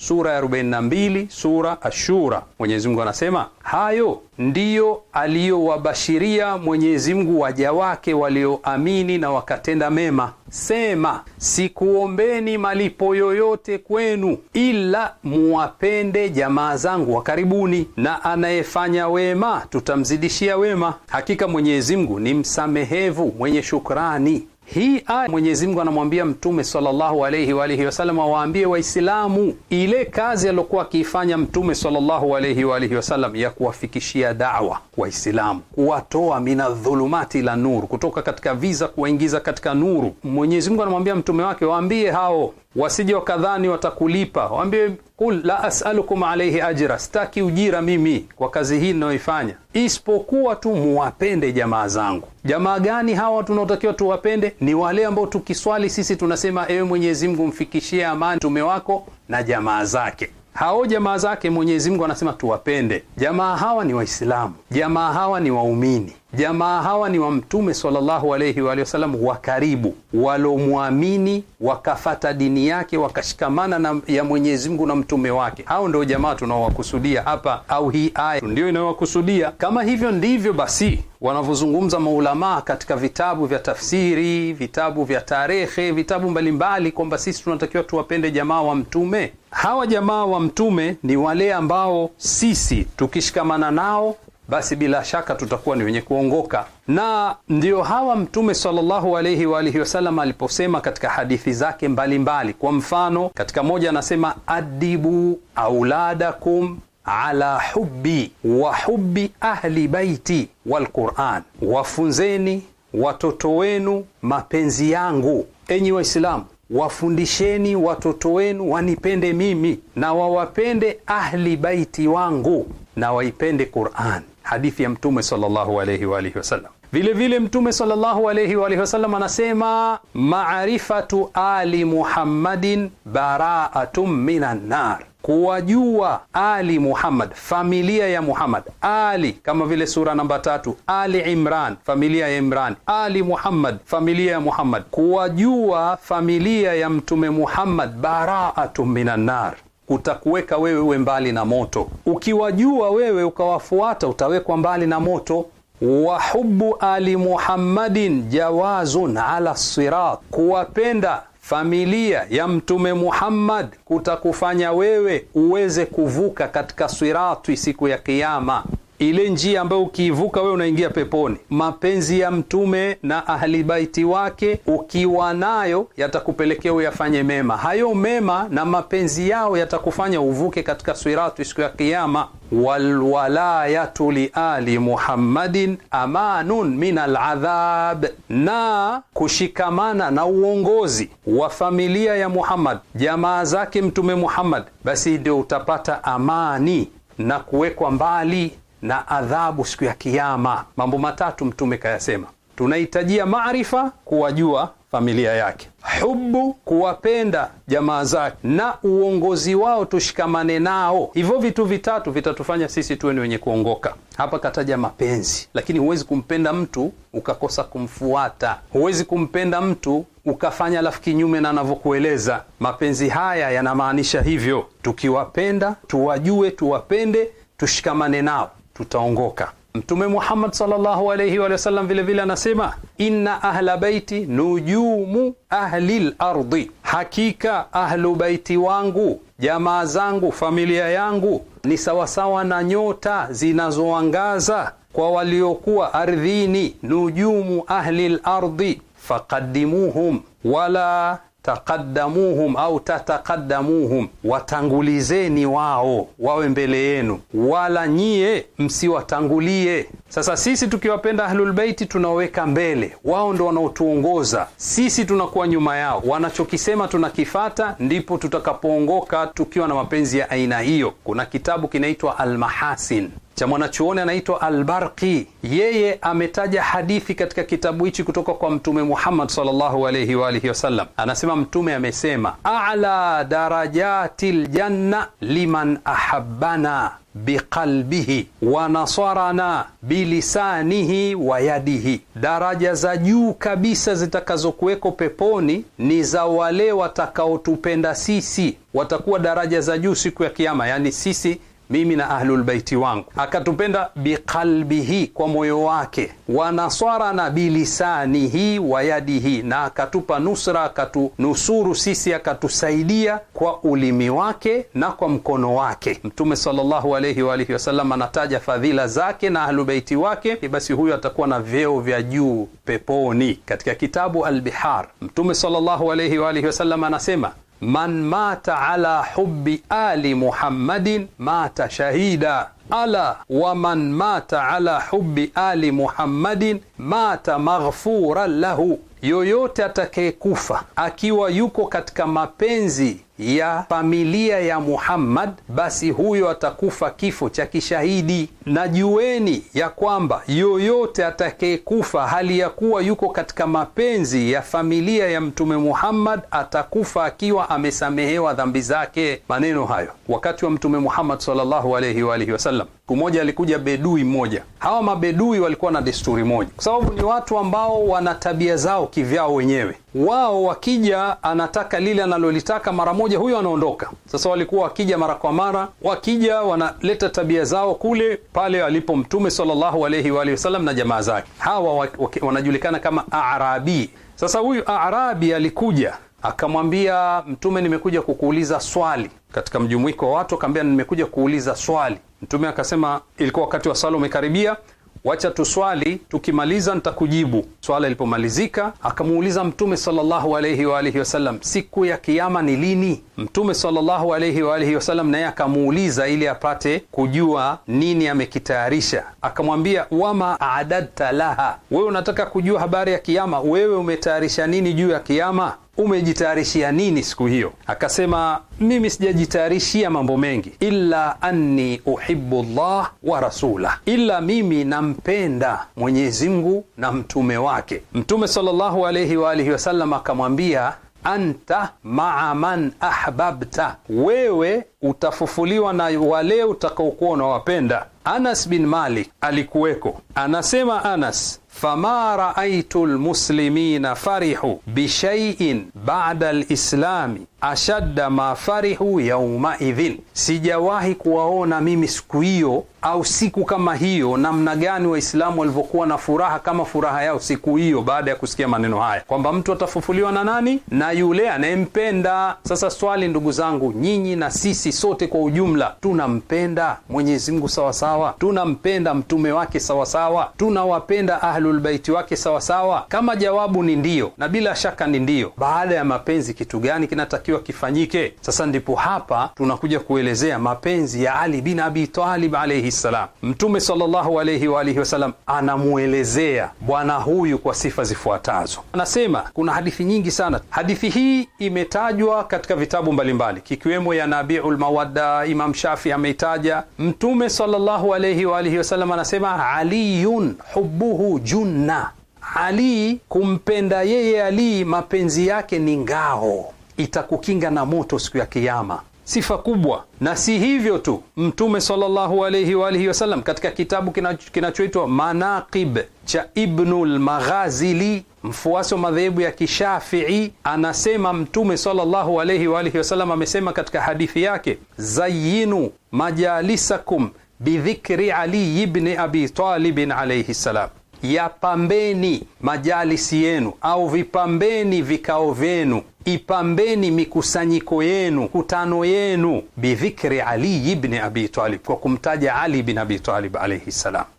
sura ya 42 sura Ashura. Mwenyezi Mungu anasema hayo ndiyo aliyowabashiria Mwenyezi Mungu waja wake walioamini na wakatenda mema. Sema, sikuombeni malipo yoyote kwenu, ila muwapende jamaa zangu wa karibuni, na anayefanya wema tutamzidishia wema. Hakika Mwenyezi Mungu ni msamehevu mwenye shukrani. Hii aya Mwenyezi Mungu anamwambia Mtume sallallahu alayhi wa alihi wasallam awaambie Waislamu ile kazi aliyokuwa akiifanya Mtume sallallahu alayhi wa alihi wasallam ya kuwafikishia dawa Waislamu, kuwatoa mina dhulumati la nuru, kutoka katika viza kuwaingiza katika nuru. Mwenyezi Mungu anamwambia mtume wake, waambie hao wasije wakadhani watakulipa, waambie kul la asalukum alaihi ajra, sitaki ujira mimi kwa kazi hii ninayoifanya, isipokuwa tu muwapende jamaa zangu. Jamaa gani hawa tunaotakiwa tuwapende? Ni wale ambao tukiswali sisi tunasema, ewe Mwenyezi Mungu, mfikishie amani mtume wako na jamaa zake hao jamaa zake Mwenyezi Mungu anasema tuwapende. Jamaa hawa ni Waislamu, jamaa hawa ni waumini. Jamaa hawa ni wa Mtume sallallahu alaihi wa sallam wa karibu, walomwamini wakafata dini yake wakashikamana na ya Mwenyezi Mungu na mtume wake. Hao ndio jamaa tunaowakusudia hapa, au hii aya ndio inayowakusudia. Kama hivyo ndivyo basi wanavyozungumza maulamaa katika vitabu vya tafsiri, vitabu vya tarehe, vitabu mbalimbali, kwamba sisi tunatakiwa tuwapende jamaa wa Mtume. Hawa jamaa wa Mtume ni wale ambao sisi tukishikamana nao basi bila shaka tutakuwa ni wenye kuongoka. Na ndiyo hawa Mtume sallallahu alayhi wa alihi wasallam aliposema katika hadithi zake mbalimbali mbali. Kwa mfano katika moja anasema adibu auladakum ala hubbi wa hubbi ahli baiti walquran, wafunzeni watoto wenu mapenzi yangu. Enyi Waislamu, wafundisheni watoto wenu wanipende mimi na wawapende ahli baiti wangu na waipende qurani Hadithi ya Mtume sallallahu wa alihi wasallam. Vile vile Mtume sallallahu alayhi wa alihi wasallam anasema maarifatu ali Muhammadin bara'atun minan nar, kuwajua ali Muhammad, familia ya Muhammad. Ali kama vile sura namba tatu, ali Imran, familia ya Imran. Ali Muhammad, familia ya Muhammad. Kuwajua familia ya Mtume Muhammad bara'atun minan nar kutakuweka wewe uwe mbali na moto. Ukiwajua wewe ukawafuata, utawekwa mbali na moto wa hubbu ali Muhammadin jawazun ala sirat, kuwapenda familia ya Mtume Muhammad kutakufanya wewe uweze kuvuka katika sirati siku ya Kiyama ile njia ambayo ukiivuka wewe unaingia peponi. Mapenzi ya Mtume na ahlibaiti wake ukiwa nayo yatakupelekea uyafanye mema. Hayo mema na mapenzi yao yatakufanya uvuke katika swiratu siku ya Kiama. Walwalayatu liali Muhammadin amanun min aladhab, na kushikamana na uongozi wa familia ya Muhammad, jamaa zake Mtume Muhammad, basi ndio utapata amani na kuwekwa mbali na adhabu siku ya kiama Mambo matatu Mtume kayasema, tunahitajia maarifa, kuwajua familia yake, hubu kuwapenda jamaa zake, na uongozi wao tushikamane nao. Hivyo vitu vitatu vitatufanya sisi tuwe ni wenye kuongoka. Hapa kataja mapenzi, lakini huwezi kumpenda mtu ukakosa kumfuata. Huwezi kumpenda mtu ukafanya lafu kinyume na anavyokueleza. Mapenzi haya yanamaanisha hivyo, tukiwapenda tuwajue, tuwapende, tushikamane nao tutaongoka. Mtume Muhammad sallallahu alayhi wa sallam vile anasema inna ahla baiti nujumu ahli lardi hakika ahlu baiti wangu, jamaa zangu, familia yangu ni sawasawa na nyota zinazoangaza kwa waliokuwa ardhini. Nujumu ahli lardi faqaddimuhum wala taqaddamuhum au tataqaddamuhum, watangulizeni wao wawe mbele yenu, wala nyie msiwatangulie. Sasa sisi tukiwapenda ahlulbeiti tunaweka mbele, wao ndo wanaotuongoza sisi, tunakuwa nyuma yao. Wanachokisema tunakifata, ndipo tutakapoongoka tukiwa na mapenzi ya aina hiyo. Kuna kitabu kinaitwa Almahasin cha mwanachuoni anaitwa Albarqi. Yeye ametaja hadithi katika kitabu hichi kutoka kwa Mtume Muhammad sallallahu alayhi wa alihi wasallam, anasema Mtume amesema, ala darajati ljanna liman ahabbana biqalbihi wa nasarana bi bilisanihi wa yadihi, daraja za juu kabisa zitakazokuweko peponi ni za wale watakaotupenda sisi, watakuwa daraja za juu siku ya kiama yani sisi mimi na ahlulbaiti wangu, akatupenda biqalbihi, kwa moyo wake, na bilisanihi wa yadihi, na akatupa nusra, akatunusuru sisi, akatusaidia kwa ulimi wake na kwa mkono wake. Mtume sallallahu alaihi wa alihi wasallam anataja fadhila zake na ahlubeiti wake, e, basi huyo atakuwa na vyeo vya juu peponi. Katika kitabu Albihar, Mtume sallallahu alaihi wa alihi wasallam anasema man mata ala hubbi ali muhammadin mata shahida ala wa man mata ala hubbi ali muhammadin mata maghfuran lahu, yoyote atakayekufa akiwa yuko katika mapenzi ya familia ya Muhammad, basi huyo atakufa kifo cha kishahidi. Na jueni ya kwamba yoyote atakayekufa hali ya kuwa yuko katika mapenzi ya familia ya Mtume Muhammad atakufa akiwa amesamehewa dhambi zake. Maneno hayo wakati wa Mtume Muhammad sallallahu alayhi wa alihi wasallam moja alikuja bedui mmoja. Hawa mabedui walikuwa na desturi moja, kwa sababu ni watu ambao wana tabia zao kivyao wenyewe. Wao wakija, anataka lile analolitaka mara moja, huyo anaondoka. Sasa walikuwa wakija mara kwa mara, wakija wanaleta tabia zao kule pale alipo Mtume sallallahu alaihi wa alihi wasallam na jamaa zake. Hawa wanajulikana kama Arabi. Sasa huyu Arabi alikuja akamwambia Mtume, nimekuja kukuuliza swali. Katika mjumuiko wa watu akamwambia, nimekuja kuuliza swali Mtume akasema ilikuwa wakati wa swala umekaribia, wacha tuswali, tukimaliza nitakujibu. Swala ilipomalizika, akamuuliza Mtume sallallahu alayhi wa alihi wasallam, siku ya kiyama ni lini? Mtume sallallahu alayhi wa alihi wasallam naye akamuuliza ili apate kujua nini amekitayarisha. Akamwambia, wama aadadta laha, wewe unataka kujua habari ya kiyama, wewe umetayarisha nini juu ya kiyama? umejitayarishia nini siku hiyo? Akasema, mimi sijajitayarishia mambo mengi, ila anni uhibu llah wa rasula ila mimi nampenda Mwenyezi Mungu na mtume wake. Mtume sallallahu alayhi wa alihi wasallam akamwambia anta maa man ahbabta, wewe utafufuliwa na wale utakaokuwa unawapenda. Anas bin Malik alikuweko, anasema Anas فما رأيت المسلمين فرحوا بشيء بعد الإسلام ashadda ma farihu yaumaidhin, sijawahi kuwaona mimi siku hiyo au siku kama hiyo, namna gani Waislamu walivyokuwa na furaha kama furaha yao siku hiyo, baada ya kusikia maneno haya kwamba mtu atafufuliwa na nani? Na yule anayempenda. Sasa swali, ndugu zangu, nyinyi na sisi sote kwa ujumla, tunampenda Mwenyezi Mungu sawasawa? Tunampenda mtume wake sawasawa? Tunawapenda ahlulbaiti wake sawasawa? Kama jawabu ni ndio, na bila shaka ni ndio, baada ya mapenzi kitu gani kinata kinachotakiwa kifanyike. Sasa ndipo hapa tunakuja kuelezea mapenzi ya Ali bin Abi Talib alaihi ssalam. Mtume sallallahu alaihi wa alihi wasallam anamwelezea bwana huyu kwa sifa zifuatazo. Anasema kuna hadithi nyingi sana. Hadithi hii imetajwa katika vitabu mbalimbali, kikiwemo ya Nabiul Mawadda, Imam Shafi ameitaja. Mtume sallallahu alaihi wa alihi wasallam anasema aliyun hubuhu junna, Ali kumpenda yeye, Ali mapenzi yake ni ngao itakukinga na moto siku ya Kiyama. Sifa kubwa. Na si hivyo tu, Mtume sallallahu alayhi wa alihi wasallam katika kitabu kinachoitwa Manaqib cha Ibnul Maghazili, mfuasi wa madhehebu ya Kishafii, anasema Mtume sallallahu alayhi wa alihi wasallam amesema katika hadithi yake, zayinu majalisakum bidhikri Ali ibn Abi Talib alayhi salam, yapambeni majalisi yenu au vipambeni vikao vyenu ipambeni mikusanyiko yenu, kutano yenu, bidhikri Ali ibn Abi Talib, kwa kumtaja Ali bin Abi Talib alayhi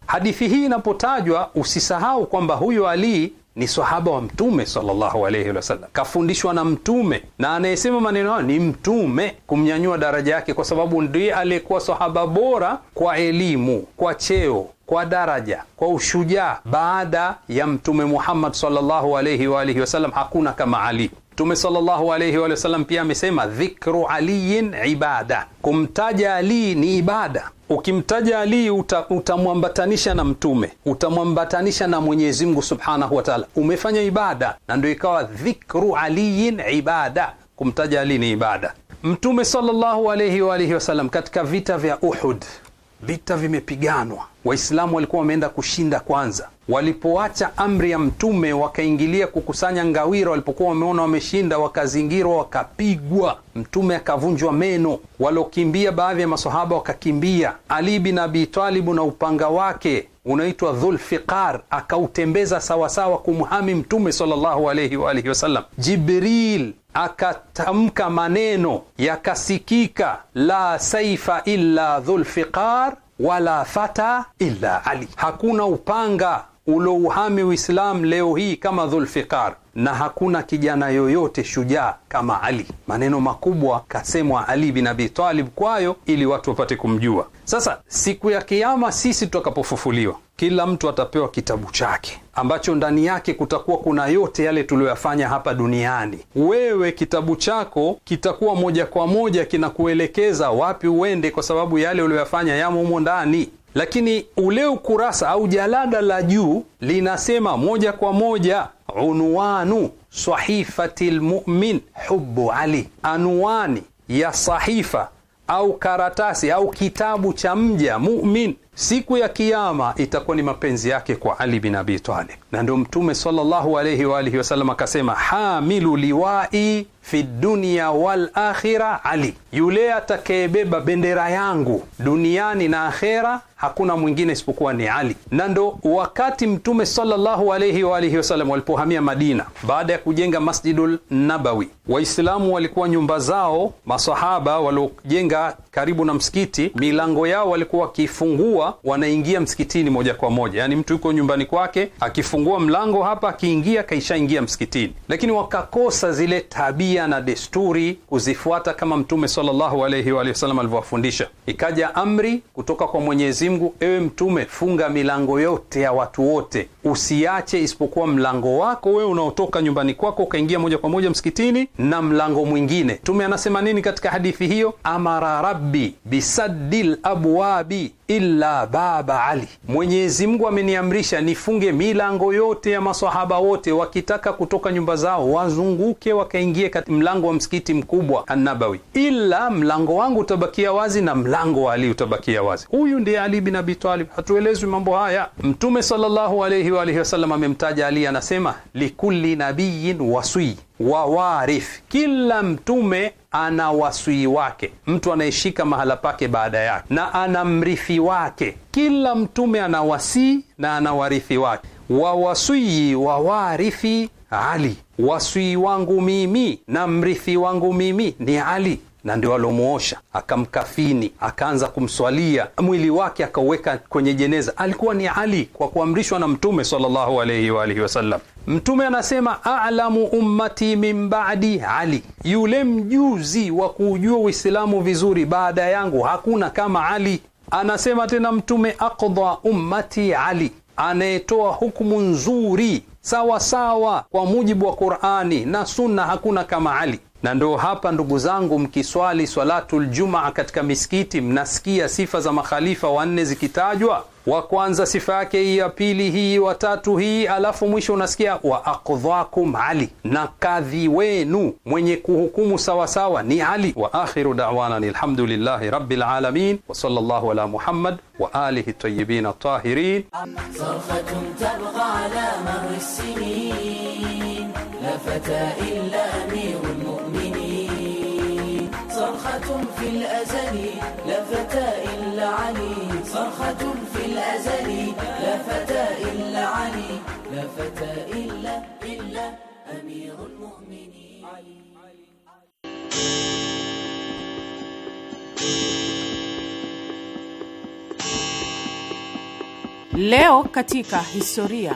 Hadithi hii inapotajwa, usisahau kwamba huyo Ali ni sahaba wa Mtume sallallahu wasallam, kafundishwa na Mtume na anayesema maneno hayo ni Mtume, kumnyanyua daraja yake, kwa sababu ndiye aliyekuwa sahaba bora kwa elimu, kwa cheo kwa daraja kwa ushujaa baada ya Mtume Muhammad sallallahu wa alihi wasallam, hakuna kama Ali. Mtume sallallahu alayhi wa sallam pia amesema dhikru aliyin ibada, kumtaja Ali ni ibada. Ukimtaja Ali uta, utamwambatanisha na Mtume, utamwambatanisha na Mwenyezi Mungu subhanahu wa taala, umefanya ibada, na ndio ikawa dhikru aliyin ibada, kumtaja Ali ni ibada. Mtume sallallahu alayhi wa alihi wasallam katika vita vya Uhud, vita vimepiganwa, Waislamu walikuwa wameenda kushinda kwanza walipoacha amri ya Mtume wakaingilia kukusanya ngawira, walipokuwa wameona wameshinda, wakazingirwa, wakapigwa, Mtume akavunjwa meno. Waliokimbia baadhi ya masahaba wakakimbia. Ali bin Abi Talibu na upanga wake unaitwa Dhulfiqar akautembeza sawasawa kumhami Mtume sallallahu alayhi wa alihi wasallam. Jibril akatamka maneno yakasikika, la saifa illa dhulfiqar wala fata illa Ali, hakuna upanga ulouhami Uislamu leo hii kama Dhulfiqar, na hakuna kijana yoyote shujaa kama Ali. Maneno makubwa kasemwa Ali bin Abi Talib kwayo, ili watu wapate kumjua. Sasa siku ya Kiama, sisi tutakapofufuliwa, kila mtu atapewa kitabu chake ambacho ndani yake kutakuwa kuna yote yale tuliyoyafanya hapa duniani. Wewe kitabu chako kitakuwa moja kwa moja kinakuelekeza wapi uende, kwa sababu yale uliyoyafanya yamo humo ndani lakini ule ukurasa au jalada la juu linasema moja kwa moja unwanu sahifati lmumin hubu Ali, anwani ya sahifa au karatasi au kitabu cha mja mumin siku ya kiama itakuwa ni mapenzi yake kwa Ali bin Abi Talib, na ndio Mtume sallallahu alayhi wa alihi wasallam akasema hamilu liwai fi dunia wal akhira Ali, yule atakayebeba bendera yangu duniani na akhera, hakuna mwingine isipokuwa ni Ali. Na ndo wakati Mtume sallallahu alayhi wa alihi wasallam walipohamia Madina baada ya kujenga Masjidul Nabawi, Waislamu walikuwa nyumba zao, masahaba waliojenga karibu na msikiti, milango yao walikuwa wakifungua, wanaingia msikitini moja kwa moja. Yani mtu yuko nyumbani kwake akifungua mlango hapa, akiingia kaishaingia msikitini, lakini wakakosa zile tabia tabia na desturi kuzifuata kama Mtume sallallahu wa sallam alivyowafundisha. Ikaja amri kutoka kwa Mwenyezi Mungu, ewe Mtume, funga milango yote ya watu wote usiache isipokuwa mlango wako wewe unaotoka nyumbani kwako ukaingia moja kwa moja msikitini na mlango mwingine. tume anasema nini katika hadithi hiyo? Amara rabbi bisaddil abwabi illa baba Ali, Mwenyezi Mungu ameniamrisha nifunge milango yote ya masahaba wote, wakitaka kutoka nyumba zao wazunguke wakaingie kati mlango wa msikiti mkubwa anabawi ila mlango wangu utabakia wazi na mlango wa Ali utabakia wazi. Huyu ndiye Ali bin abitalib Hatuelezwi mambo haya Mtume sallallahu alayhi alihi wa alihi wasallam amemtaja Ali, anasema likulli nabiyin waswi wa kila mtume ana wasii wake, mtu anayeshika mahala pake baada yake, na ana mrithi wake. Kila mtume ana wasii na ana warithi wake. wa wasii wa Ali, wasii wangu mimi na mrithi wangu mimi ni Ali na ndio alomuosha akamkafini, akaanza kumswalia mwili wake, akauweka kwenye jeneza. Alikuwa ni Ali kwa kuamrishwa na Mtume sallallahu wa alihi wasallam. Mtume anasema alamu ummati min ba'di Ali, yule mjuzi wa kuujua Uislamu vizuri baada yangu hakuna kama Ali. Anasema tena Mtume aqdha ummati Ali, anayetoa hukumu nzuri sawasawa kwa mujibu wa Qur'ani na Sunna, hakuna kama Ali. Na ndo hapa ndugu zangu, mkiswali swalatul jumaa katika misikiti, mnasikia sifa za makhalifa wanne zikitajwa, wa kwanza sifa yake hii, ya pili hii, watatu hii, alafu mwisho unasikia wa aqdhakum Ali, na kadhi wenu mwenye kuhukumu sawasawa ni Ali. Wa akhiru da'wana alhamdulillahi rabbil alamin wa sallallahu ala Muhammad wa alihi tayyibin tahirin. الأزل لا فتى إلا علي صرخة في الأزل لا فتى إلا علي لا فتى إلا إلا أمير المؤمنين Leo katika historia.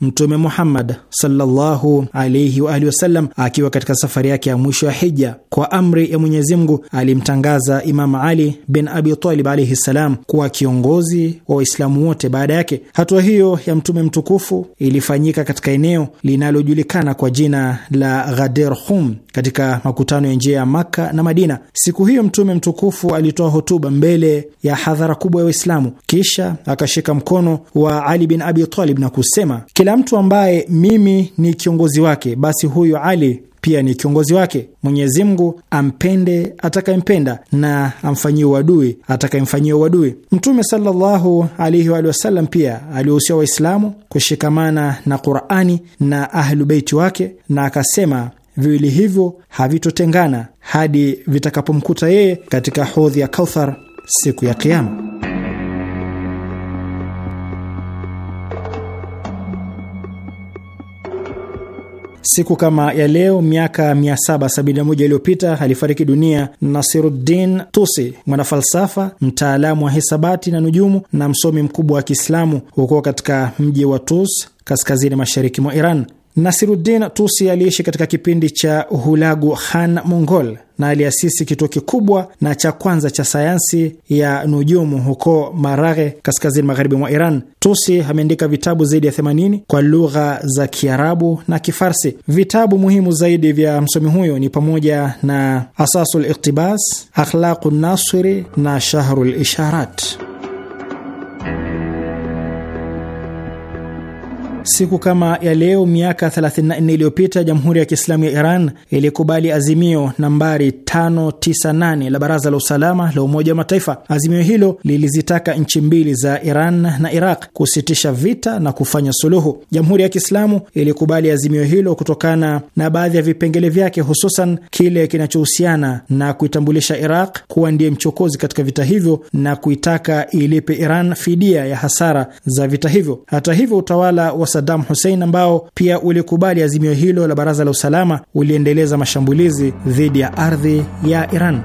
Mtume Muhammad sallallahu alaihi wa alihi wasallam akiwa katika safari yake ya mwisho ya hija, kwa amri ya Mwenyezi Mungu alimtangaza Imam Ali bin Abi Talib alaihi ssalam kuwa kiongozi wa Waislamu wote baada yake. Hatua hiyo ya mtume mtukufu ilifanyika katika eneo linalojulikana kwa jina la Ghadir Hum katika makutano ya njia ya Makka na Madina. Siku hiyo mtume mtukufu alitoa hotuba mbele ya hadhara kubwa ya Waislamu, kisha akashika mkono wa Ali bin Abi Talib na kusema kila kila mtu ambaye mimi ni kiongozi wake, basi huyu Ali pia ni kiongozi wake. Mwenyezi Mungu ampende atakayempenda na amfanyie uadui atakayemfanyia uadui. Mtume sallallahu alaihi wa sallam pia aliwahusia Waislamu kushikamana na Qurani na Ahlubeiti wake, na akasema viwili hivyo havitotengana hadi vitakapomkuta yeye katika hodhi ya Kauthar siku ya Kiama. Siku kama ya leo miaka 771 iliyopita alifariki dunia Nasiruddin Tusi, mwanafalsafa, mtaalamu wa hisabati na nujumu na msomi mkubwa wa Kiislamu huko katika mji wa Tus kaskazini mashariki mwa Iran. Nasiruddin Tusi aliishi katika kipindi cha Hulagu Khan Mongol na aliasisi kituo kikubwa na cha kwanza cha sayansi ya nujumu huko Maraghe, kaskazini magharibi mwa Iran. Tusi ameandika vitabu zaidi ya 80 kwa lugha za Kiarabu na Kifarsi. Vitabu muhimu zaidi vya msomi huyo ni pamoja na Asasul Iktibas, Akhlaqu Nasiri na Shahrul Isharat. Siku kama ya leo miaka 34 iliyopita Jamhuri ya Kiislamu ya Iran ilikubali azimio nambari 598 la Baraza la Usalama la Umoja wa Mataifa. Azimio hilo lilizitaka nchi mbili za Iran na Iraq kusitisha vita na kufanya suluhu. Jamhuri ya Kiislamu ilikubali azimio hilo kutokana na baadhi ya vipengele vyake, hususan kile kinachohusiana na kuitambulisha Iraq kuwa ndiye mchokozi katika vita hivyo na kuitaka ilipe Iran fidia ya hasara za vita hivyo. Hata hivyo utawala wa Saddam Hussein ambao pia ulikubali azimio hilo la Baraza la Usalama uliendeleza mashambulizi dhidi ya ardhi ya Iran.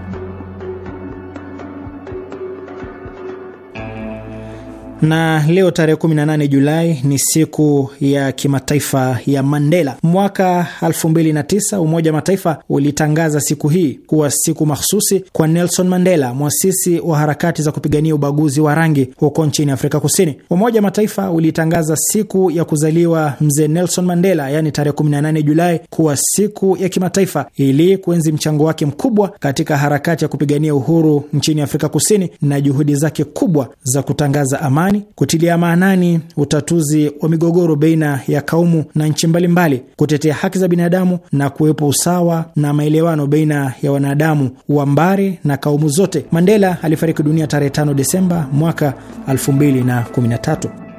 na leo tarehe 18 Julai ni siku ya kimataifa ya Mandela. Mwaka 2009 Umoja wa Mataifa ulitangaza siku hii kuwa siku mahsusi kwa Nelson Mandela, mwasisi wa harakati za kupigania ubaguzi wa rangi huko nchini Afrika Kusini. Umoja wa Mataifa ulitangaza siku ya kuzaliwa mzee Nelson Mandela, yaani tarehe 18 Julai, kuwa siku ya kimataifa ili kuenzi mchango wake mkubwa katika harakati ya kupigania uhuru nchini Afrika Kusini na juhudi zake kubwa za kutangaza amani Marekani, kutilia maanani utatuzi wa migogoro baina ya kaumu na nchi mbalimbali, kutetea haki za binadamu na kuwepo usawa na maelewano baina ya wanadamu wa mbari na kaumu zote. Mandela alifariki dunia tarehe 5 Desemba mwaka 2013.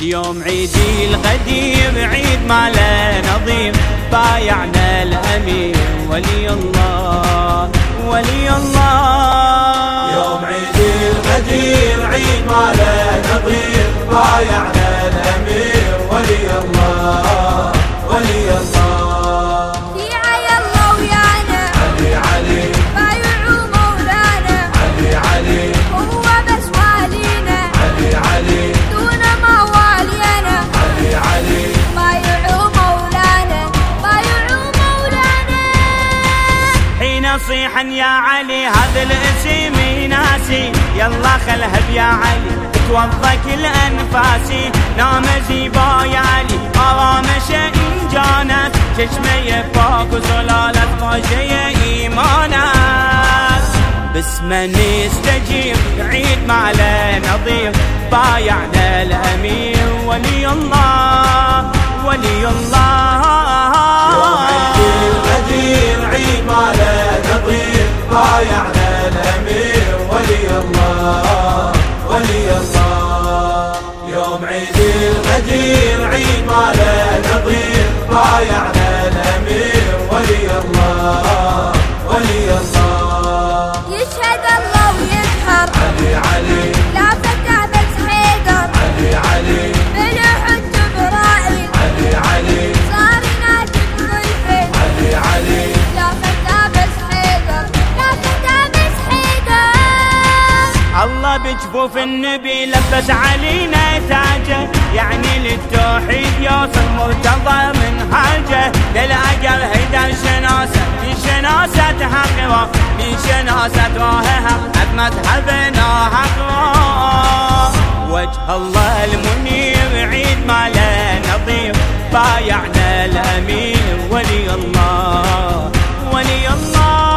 يوم عيدي القديم عيد ما لا نظيم بايعنا الأمير ولي الله ولي الله يوم عيدي القديم عيد ما لا نظيم بايعنا الأمير ولي الله ولي الله نصيحا يا علي هذا الاسم مناسي يلا خلها بيا علي توضى كل انفاسي نام زيبا يا علي آرامش انجانت چشمه پاک و زلالت قاشه ایمان است بسم نستجيب عيد له نظير بايعنا الامير ولي الله ولي الله يوم الدين عيد ما لا نضيع بايعنا الامير ولي الله ولي الله يوم عيد الغدير عيد ما لا نضيع بايعنا الامير ولي الله ولي الله يشهد الله ويظهر علي علي لا فتح بس حيدر علي علي الله بجفوف النبي لبس علينا تاجه يعني للتوحيد يوصل مرتضى منهاجه للأجل هيدا الشناسة من شناسة حقوة من شناسة واهها أدمتها بناها وجه الله المنير عيد ما لا نظير بايعنا الأمين ولي الله ولي الله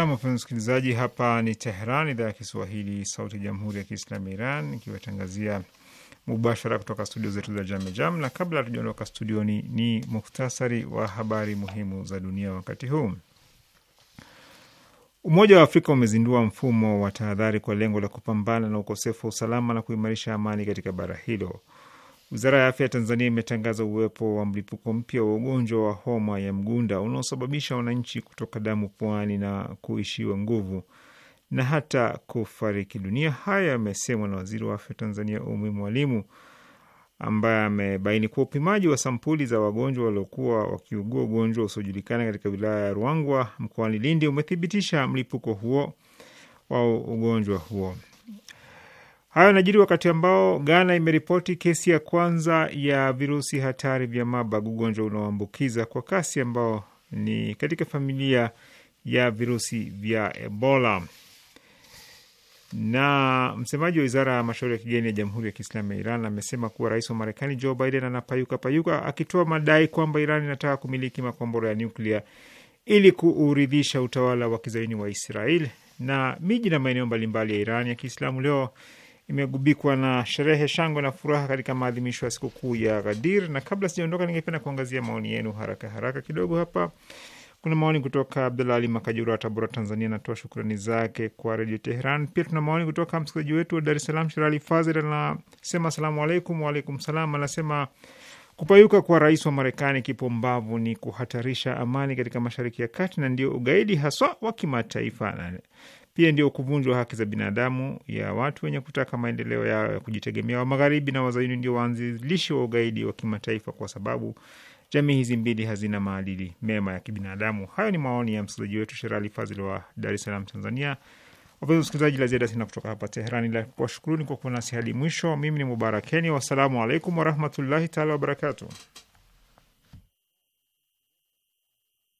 Nam, wapenzi msikilizaji, hapa ni Tehran, idhaa ya Kiswahili, sauti ya jamhuri ya kiislamu ya Iran, ikiwatangazia mubashara kutoka studio zetu za Jam. Na kabla hatujaondoka studioni, ni, ni muhtasari wa habari muhimu za dunia wakati huu. Umoja wa Afrika umezindua mfumo wa tahadhari kwa lengo la kupambana na ukosefu wa usalama na kuimarisha amani katika bara hilo. Wizara ya afya ya Tanzania imetangaza uwepo wa mlipuko mpya wa ugonjwa wa homa ya mgunda unaosababisha wananchi kutoka damu puani na kuishiwa nguvu na hata kufariki dunia. Haya yamesemwa na waziri wa afya Tanzania umi Mwalimu ambaye amebaini kuwa upimaji wa sampuli za wagonjwa waliokuwa wakiugua ugonjwa usiojulikana katika wilaya ya Ruangwa mkoani Lindi umethibitisha mlipuko huo wa ugonjwa huo. Hayo yanajiri wakati ambao Ghana imeripoti kesi ya kwanza ya virusi hatari vya mabag, ugonjwa unaoambukiza kwa kasi ambao ni katika familia ya virusi vya Ebola. Na msemaji wa wizara ya mashauri ya kigeni ya Jamhuri ya Kiislamu ya Iran amesema kuwa rais wa Marekani Joe Biden anapayuka payuka akitoa madai kwamba Iran inataka kumiliki makombora ya nyuklia ili kuuridhisha utawala wa kizaini wa israel Na miji na maeneo mbalimbali ya Iran ya Kiislamu leo imegubikwa na sherehe, shangwe na furaha katika maadhimisho ya sikukuu ya Ghadir. Na kabla sijaondoka, ningependa kuangazia maoni yenu haraka haraka kidogo hapa. Kuna maoni kutoka Abdulali Makajura wa Tabora, Tanzania, anatoa shukrani zake kwa Redio Teheran. Pia tuna maoni kutoka msikilizaji wetu wa Dar es Salaam, Fazil, anasema asalamu alaikum. Waalaikum salam. Anasema kupayuka kwa rais wa Marekani kipumbavu ni kuhatarisha amani katika Mashariki ya Kati na ndio ugaidi haswa wa kimataifa. Hii ndio kuvunjwa haki za binadamu ya watu wenye kutaka maendeleo yao ya kujitegemea wa Magharibi, na Wazayuni ndio waanzilishi wa ugaidi wa kimataifa, kwa sababu jamii hizi mbili hazina maadili mema ya kibinadamu. Hayo ni maoni ya msikilizaji wetu Sherali Fazil wa Dar es Salaam, Tanzania. Wapenzi msikilizaji, la ziada sina kutoka hapa Teherani, la kuwashukuruni kwa kuwa nasi hadi mwisho. Mimi ni Mubarakeni, wassalamu alaikum warahmatullahi taala wabarakatuh.